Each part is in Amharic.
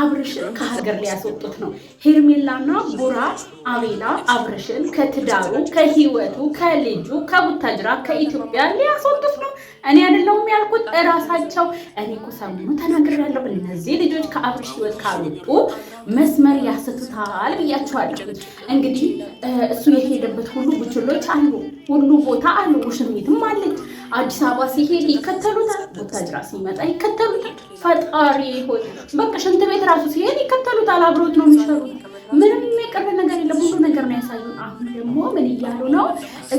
አብርሽን ከሀገር ሊያስወጡት ነው። ሄርሜላና ቡራ አቤላ አብርሽን ከትዳሩ ከህይወቱ ከልጁ ከቡታጅራ ከኢትዮጵያ ሊያስወጡት ነው። እኔ አይደለሁም ያልኩት እራሳቸው። እኔ እኮ ሰሞኑን ተናግሬያለሁ። እነዚህ ልጆች ከአብርሽ ህይወት ካልወጡ መስመር ያስቱታል ብያቸዋለሁ። እንግዲህ እሱ የሄደበት ሁሉ ቡችሎች አሉ፣ ሁሉ ቦታ አሉ፣ ውሽሚትም አለች። አዲስ አበባ ሲሄድ ይከተሉታል፣ ቡታጅራ ሲመጣ ይከተሉታል። ፈጣሪ ሆይ በቃ ሽንት ቤት ራሱ ሲሄድ ይከተሉታል፣ አብሮት ነው የሚሰሩት። ምንም የቀረ ነገር የለም። ሁሉ ነገር ነው ያሳዩ። አሁን ደግሞ ምን እያሉ ነው?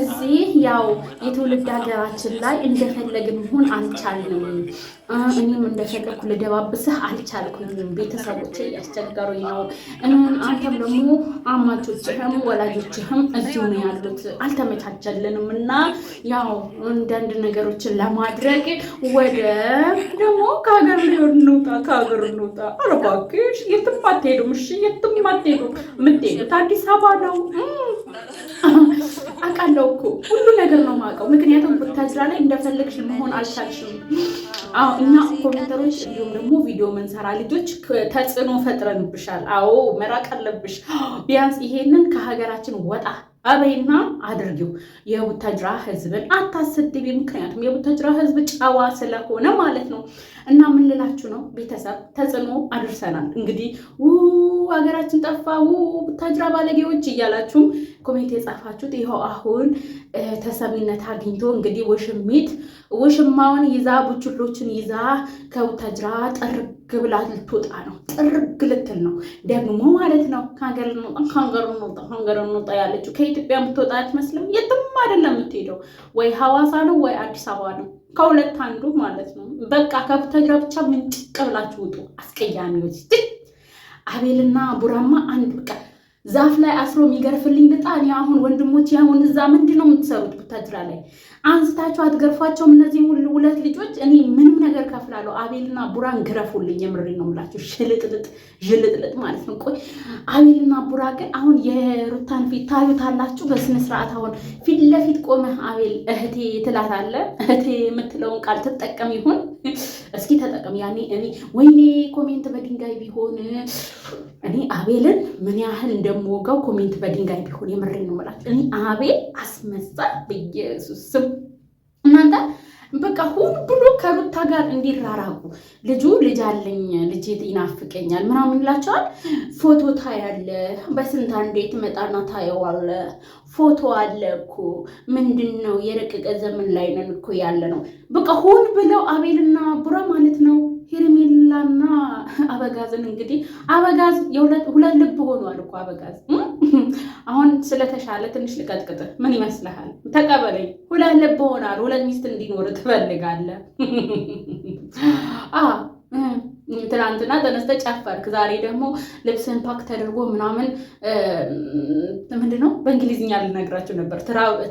እዚህ ያው የትውልድ ሀገራችን ላይ እንደፈለግን መሆን አልቻልንም እኔም እንደፈለግኩ ልደባብስህ አልቻልኩኝም። ቤተሰቦች እያስቸገሩኝ ነው። አንተም ደግሞ አማቾችህም ወላጆችህም እዚሁ ነው ያሉት፣ አልተመቻቸልንም እና ያው አንዳንድ ነገሮችን ለማድረግ ወደ ደግሞ ከሀገር እንውጣ፣ ከሀገር እንውጣ። ኧረ እባክሽ የትም አትሄዱም፣ እሺ የትም አትሄዱም። ምትሄዱት አዲስ አበባ ነው። አውቃለሁ እኮ ሁሉ ነገር ነው የማውቀው። ምክንያቱም ቡታጅራ ላይ እንደፈለግሽ መሆን አልቻልሽም። አዎ እኛ ኮሜንተሮች እንዲሁም ደግሞ ቪዲዮ መንሰራ ልጆች ተጽዕኖ ፈጥረንብሻል። አዎ መራቅ አለብሽ። ቢያንስ ይሄንን ከሀገራችን ወጣ አበይና አድርጊው። የቡታጅራ ህዝብን አታሰድቢ። ምክንያቱም የቡታጅራ ህዝብ ጨዋ ስለሆነ ማለት ነው። እና ምን ልላችሁ ነው ቤተሰብ ተጽዕኖ አድርሰናል። እንግዲህ ው ሀገራችን ጠፋ ው ቡታጅራ ባለጌዎች እያላችሁም ኮሜንት የጻፋችሁት ይኸው አሁን ተሰሚነት አግኝቶ እንግዲህ ውሽሚት ውሽማውን ይዛ ቡችሎችን ይዛ ከውታጅራ ጥርግ ብላ ልትወጣ ነው። ጥርግ ልትል ነው ደግሞ ማለት ነው። ከሀገር እንውጣ፣ ከሀገር እንውጣ፣ ከሀገር እንውጣ ያለችው ከኢትዮጵያ የምትወጣ አትመስልም። የትም አይደለም የምትሄደው፣ ወይ ሀዋሳ ነው ወይ አዲስ አበባ ነው። ከሁለት አንዱ ማለት ነው። በቃ ከቡታጅራ ብቻ ምንጭቅ ብላችሁ ውጡ። አስቀያሚዎች አቤልና ቡራማ አንድ በቃ ዛፍ ላይ አስሮ የሚገርፍልኝ በጣም አሁን ወንድሞች ያሁን እዛ ምንድን ነው የምትሰሩት? ቡታጅራ ላይ አንስታችሁ አትገርፏቸውም። እነዚህ ሁሉ ሁለት ልጆች እኔ ምንም ነገር ከፍላለሁ። አቤልና ቡራን ግረፉልኝ። የምሬ ነው የምላቸው። ሽልጥልጥ ሽልጥልጥ ማለት ነው። ቆይ አቤልና ቡራ ግን አሁን የሩታን ፊት ታዩታላችሁ በስነ ስርዓት። አሁን ፊት ለፊት ቆመህ አቤል እህቴ ትላታለ። እህቴ የምትለውን ቃል ትጠቀም ይሆን? እስኪ ተጠቀም። ያኔ እኔ ወይኔ ኮሜንት በድንጋይ ቢሆን እኔ አቤልን ምን ያህል እንደምወጋው ኮሜንት በድንጋይ ቢሆን የምሬ ነው የምላቸው። እኔ አቤል አስመሳል በኢየሱስ ስም እናንተ በቃ ሁን ብሎ ከሩታ ጋር እንዲራራቁ ልጁ ልጅ አለኝ ልጅ ይናፍቀኛል ምናምን ይላቸዋል። ፎቶ ታያለ፣ በስንት አንዴ ትመጣና ታየዋለ። ፎቶ አለ እኮ ምንድን ነው የረቀቀ ዘመን ላይ ነን እኮ ያለ ነው። በቃ ሁን ብለው አቤልና ቡራ ማለት ነው ሄርሜላና አበጋዝን እንግዲህ አበጋዝ ሁለት ልብ ሆኗል እኮ አበጋዝ አሁን ስለተሻለ ትንሽ ልቀጥቅጥ፣ ምን ይመስልሃል? ተቀበለኝ። ሁለት ልብ ሆናል። ሁለት ሚስት እንዲኖር ትፈልጋለህ? ትናንትና ተነስተህ ጨፈርክ፣ ዛሬ ደግሞ ልብስን ፓክ ተደርጎ ምናምን ምንድን ነው በእንግሊዝኛ ልነግራቸው ነበር። ትራቭል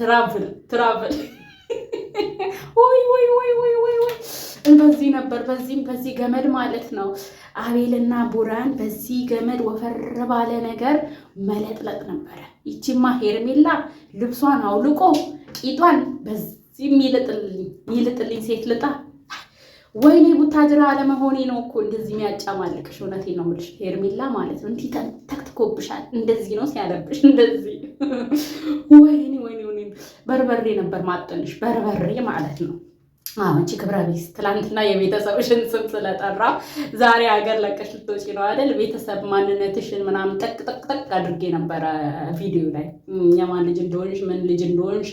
ትራቭል ትራቭል ወይ ወይ ወይ ወይ ወይ ወይ በዚህ ነበር በዚህም በዚህ ገመድ ማለት ነው አቤልና ቡራን በዚህ ገመድ ወፈር ባለ ነገር መለጥለጥ ነበረ። ይቺማ ሄርሜላ ልብሷን አውልቆ ቂጧን በዚህም ይልጥልኝ ይልጥልኝ ሴት ልጣ ወይኔ ቡታጅራ አለመሆኔ ነው እኮ እንደዚህ የሚያጫማልቅሽ። እውነቴ ነው የምልሽ ሄርሜላ ማለት ነው። እንዲ ተክትኮብሻል። እንደዚህ ነው ሲያለብሽ፣ እንደዚህ ወይኔ ወይኔ ወይኔ። በርበሬ ነበር ማጠንሽ፣ በርበሬ ማለት ነው። አንቺ ክብረ ቢስ ትላንትና የቤተሰብሽን ስም ስለጠራ ዛሬ ሀገር ለቀሽ ልትወጪ ነው አይደል? ቤተሰብ ማንነትሽን ምናምን ጠቅጠቅጠቅ አድርጌ ነበረ ቪዲዮ ላይ የማን ልጅ እንደሆንሽ ምን ልጅ እንደሆንሽ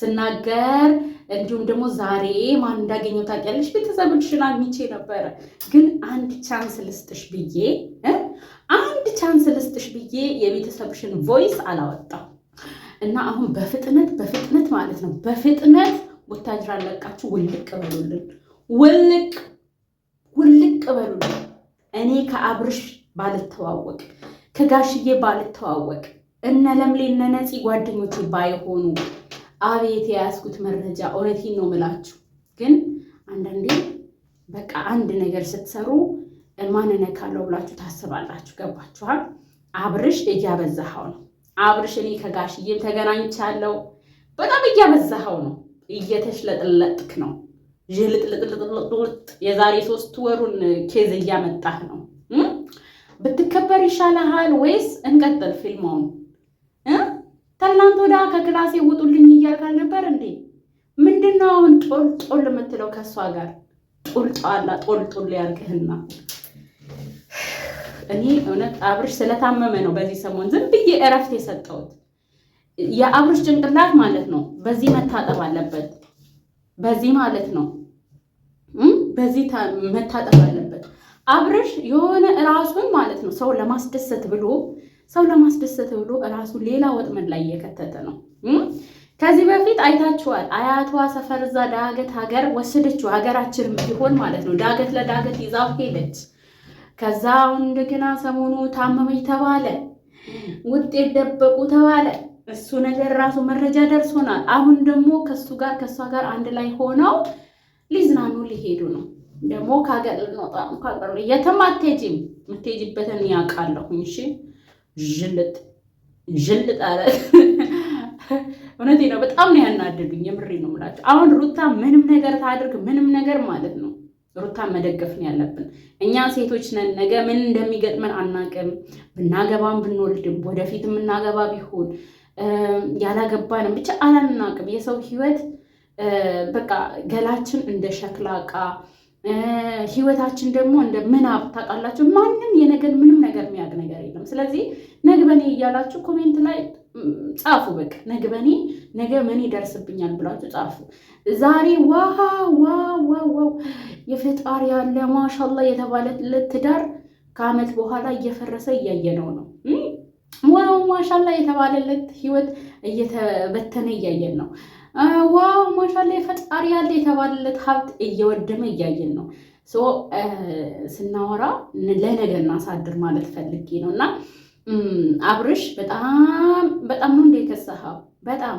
ስናገር፣ እንዲሁም ደግሞ ዛሬ ማን እንዳገኘው ታውቂያለሽ? ቤተሰብሽን አግኝቼ ነበረ። ግን አንድ ቻንስ ልስጥሽ ብዬ አንድ ቻንስ ልስጥሽ ብዬ የቤተሰብሽን ቮይስ አላወጣም እና አሁን በፍጥነት በፍጥነት ማለት ነው በፍጥነት ወታጅራ ለቃችሁ ውልቅ በሉልን፣ ውልቅ ውልቅ በሉልን። እኔ ከአብርሽ ባልተዋወቅ ከጋሽዬ ባልተዋወቅ እነ ለምሌ እነ ነፂ ጓደኞቼ ባይሆኑ አቤት የያዝኩት መረጃ። እውነቴን ነው ምላችሁ። ግን አንዳንዴ በቃ አንድ ነገር ስትሰሩ ማን እነካለው ብላችሁ ታስባላችሁ። ገባችኋል? አብርሽ እያበዛኸው ነው። አብርሽ እኔ ከጋሽዬም ተገናኝቻለሁ። በጣም እያበዛኸው ነው። እየተሽለጥለጥክ ነው። ልጥልጥልጥ የዛሬ ሶስት ወሩን ኬዝ እያመጣህ ነው። ብትከበር ይሻልሃል ወይስ እንቀጥል? ፊልማውን ትናንት ወዳ ከክላሴ ውጡልኝ እያልካል ነበር እንዴ? ምንድን ነው አሁን ጦል ጦል የምትለው ከእሷ ጋር? ጦል ጦል ጦል ያልክህና እኔ እውነት አብርሽ ስለታመመ ነው በዚህ ሰሞን ዝም ብዬ እረፍት የሰጠሁት። የአብርሽ ጭንቅላት ማለት ነው በዚህ መታጠብ አለበት። በዚህ ማለት ነው በዚህ መታጠብ አለበት። አብርሽ የሆነ እራሱን ማለት ነው ሰው ለማስደሰት ብሎ ሰው ለማስደሰት ብሎ እራሱ ሌላ ወጥመድ ላይ እየከተተ ነው። ከዚህ በፊት አይታችኋል። አያቷ ሰፈር እዛ ዳገት ሀገር ወሰደችው። ሀገራችን ቢሆን ማለት ነው ዳገት ለዳገት ይዛው ሄደች። ከዛ እንደገና ሰሞኑ ታመመኝ ተባለ፣ ውጤት ደበቁ ተባለ እሱ ነገር ራሱ መረጃ ደርሶናል። አሁን ደግሞ ከሱ ጋር ከእሷ ጋር አንድ ላይ ሆነው ሊዝናኑ ሊሄዱ ነው። ደግሞ ከሀገር ልንወጣ ነው። የትም አትሄጂም፣ የምትሄጂበትን ያውቃለሁ። እሺ ዥልጥ ዥልጥ አለ። እውነቴ ነው። በጣም ነው ያናደዱኝ። የምሬ ነው የምላቸው። አሁን ሩታ ምንም ነገር ታድርግ፣ ምንም ነገር ማለት ነው ሩታን መደገፍ ነው ያለብን። እኛ ሴቶች ነን። ነገ ምን እንደሚገጥመን አናቅም። ብናገባም ብንወልድም ወደፊት የምናገባ ቢሆን ያላገባንም ብቻ አላናቅም። የሰው ህይወት በቃ ገላችን እንደ ሸክላ ዕቃ፣ ህይወታችን ደግሞ እንደ ምናብ ታውቃላችሁ። ማንም የነገን ምንም ነገር የሚያውቅ ነገር የለም። ስለዚህ ነገ በኔ እያላችሁ ኮሜንት ላይ ጻፉ። በቃ ነገ በኔ ነገ ምን ይደርስብኛል ብላችሁ ጻፉ። ዛሬ ዋሃ ዋዋዋው የፈጣሪ ያለ ማሻላ የተባለ ትዳር ከአመት በኋላ እየፈረሰ እያየነው ነው። ዋው ማሻላ የተባለለት ህይወት እየተበተነ እያየን ነው። ዋው ማሻላ የፈጣሪ ያለ የተባለለት ሀብት እየወደመ እያየን ነው። ስናወራ ለነገ እናሳድር ማለት ፈልጌ ነው እና አብርሽ በጣም በጣም ነው እንደ የከሳኸው በጣም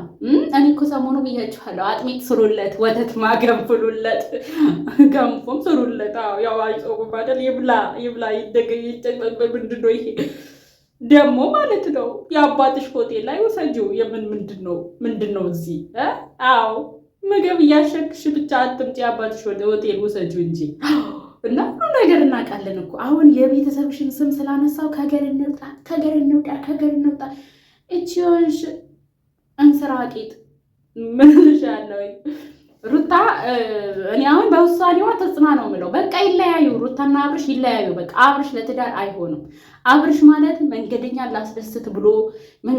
እኔ እኮ ሰሞኑ ብያችኋለሁ። አጥሚት ስሩለት፣ ወተት ማገንፍሉለት፣ ገንፎም ስሩለት። ያው አይጾም ይብላ ይብላ፣ ይደገ ይጨ ምንድን ነው ይሄ ደግሞ ማለት ነው የአባትሽ ሆቴል ላይ ወሰጂው የምን ምንድን ነው ምንድን ነው እዚህ? አዎ ምግብ እያሸክሽ ብቻ አትምጪ፣ የአባትሽ ሆቴል ወሰጂው እንጂ እና ሁሉ ነገር እናውቃለን እኮ። አሁን የቤተሰብሽን ስም ስላነሳው ከገር እንውጣ፣ ከገር እንውጣ፣ ከገር እንውጣ። እቺዎች እንስራ ቂጥ ምንልሽ ሩታ እኔ አሁን በውሳኔዋ ተጽና ነው ምለው ሩታና አብርሽ ይለያዩ። በቃ አብርሽ ለትዳር አይሆንም። አብርሽ ማለት መንገደኛ ላስደስት ብሎ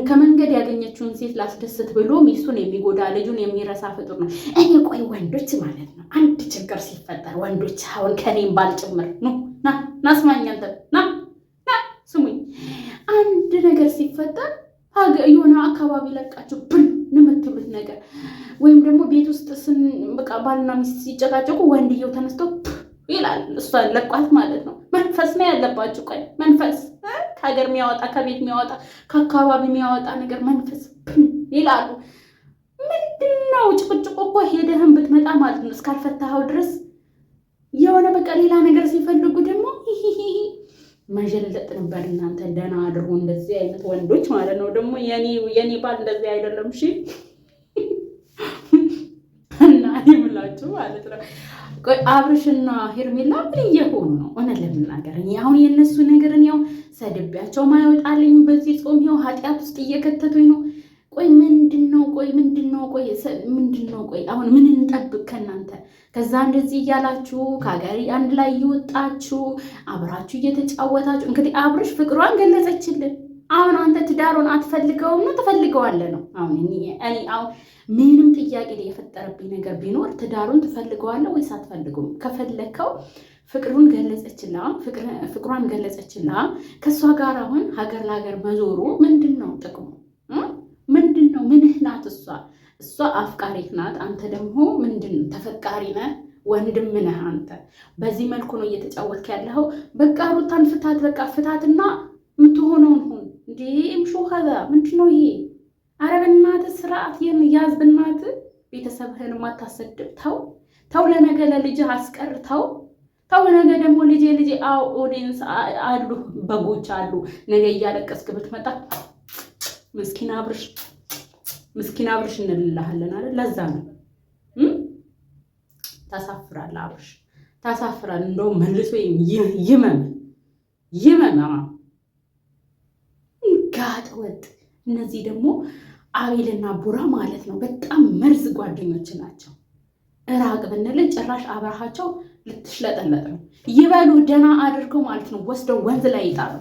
ከመንገድ ያገኘችውን ሴት ላስደስት ብሎ ሚስቱን የሚጎዳ ልጁን የሚረሳ ፍጡር ነው። እኔ ቆይ ወንዶች ማለት ነው አንድ ችግር ሲፈጠር ወንዶች አሁን ከኔም ባልጭምር ነው ና ናስማኝ ና ና ስሙኝ፣ አንድ ነገር ሲፈጠር የሆነ አካባቢ ለቃችሁ ብን የምትሉት ነገር ወይም ደግሞ ቤት ውስጥ በቃ ባልና ሚስት ሲጨቃጨቁ ወንድየው ተነስተው ይላል እሷ ለቋት ማለት ነው። መንፈስ ነው ያለባችሁ። ቆይ መንፈስ ከሀገር የሚያወጣ ከቤት የሚያወጣ ከአካባቢ የሚያወጣ ነገር መንፈስ ይላሉ። ምንድን ነው ጭቁጭቁ እኮ ሄደህን ብትመጣ ማለት ነው እስካልፈታኸው ድረስ የሆነ በቃ ሌላ ነገር ሲፈልጉ ደግሞ መጀለጥ ነበር። እናንተ ደህና አድርጎ እንደዚህ አይነት ወንዶች ማለት ነው ደግሞ የኔ ባል እንደዚህ አይደለም። እሺ ማለት ነው። አብርሽና ሄርሜላ ምን እየሆኑ ነው? እውነት ለመናገር አሁን የእነሱ ነገርን ያው ሰድቢያቸው ማይወጣልኝ በዚህ ጾም ይኸው ኃጢአት ውስጥ እየከተቱኝ ነው። ቆይ ምንድን ነው? ቆይ ምንድን ነው? ቆይ ምንድን ነው? ቆይ አሁን ምን እንጠብቅ ከእናንተ? ከዛ እንደዚህ እያላችሁ ከሀገር አንድ ላይ እየወጣችሁ አብራችሁ እየተጫወታችሁ እንግዲህ አብርሽ ፍቅሯን ገለጸችልን። አሁን አንተ ትዳሩን አትፈልገውም ነው? ትፈልገዋለህ ነው አሁን እኔ አሁን ምንም ጥያቄ የፈጠረብኝ ነገር ቢኖር ትዳሩን ትፈልገዋለህ ወይስ አትፈልጉም? ከፈለግከው ፍቅሩን ገለጸችና ፍቅሯን ገለጸችና ከእሷ ጋር አሁን ሀገር ለሀገር መዞሩ ምንድን ነው ጥቅሙ? ምንድን ነው? ምንህ ናት እሷ? እሷ አፍቃሪት ናት። አንተ ደግሞ ምንድን ነው? ተፈቃሪ ነህ፣ ወንድም ነህ አንተ። በዚህ መልኩ ነው እየተጫወትክ ያለኸው። በቃ ሩታን ፍታት፣ በቃ ፍታትና የምትሆነውን ሁን። እንዲህ ምሾ ምንድን ነው ይሄ? አረ በእናትህ ስርዓት ያዝ በእናትህ ቤተሰብህን ማታሰድብ ተው ተው ለነገ ለልጅህ አስቀር ተው ተው ነገ ደግሞ ልጄ ልጄ አዎ ኦዲየንስ አሉ በጎች አሉ ነገ እያለቀስክ ብትመጣ ምስኪና ብርሽ ምስኪና ብርሽ እንልልሃለን አይደል ለዛ ነው ታሳፍራል አብርሽ ታሳፍራል እንደው መልሶ ይመም ይመም ጋጥ ወጥ እነዚህ ደግሞ አቤልና ቡራ ማለት ነው። በጣም መርዝ ጓደኞች ናቸው። እራቅ ብንልን ጭራሽ አብረሃቸው ልትሽለጠለጥ ነው። ይበሉ ደና አድርገው ማለት ነው። ወስደው ወንዝ ላይ ይጣሉ።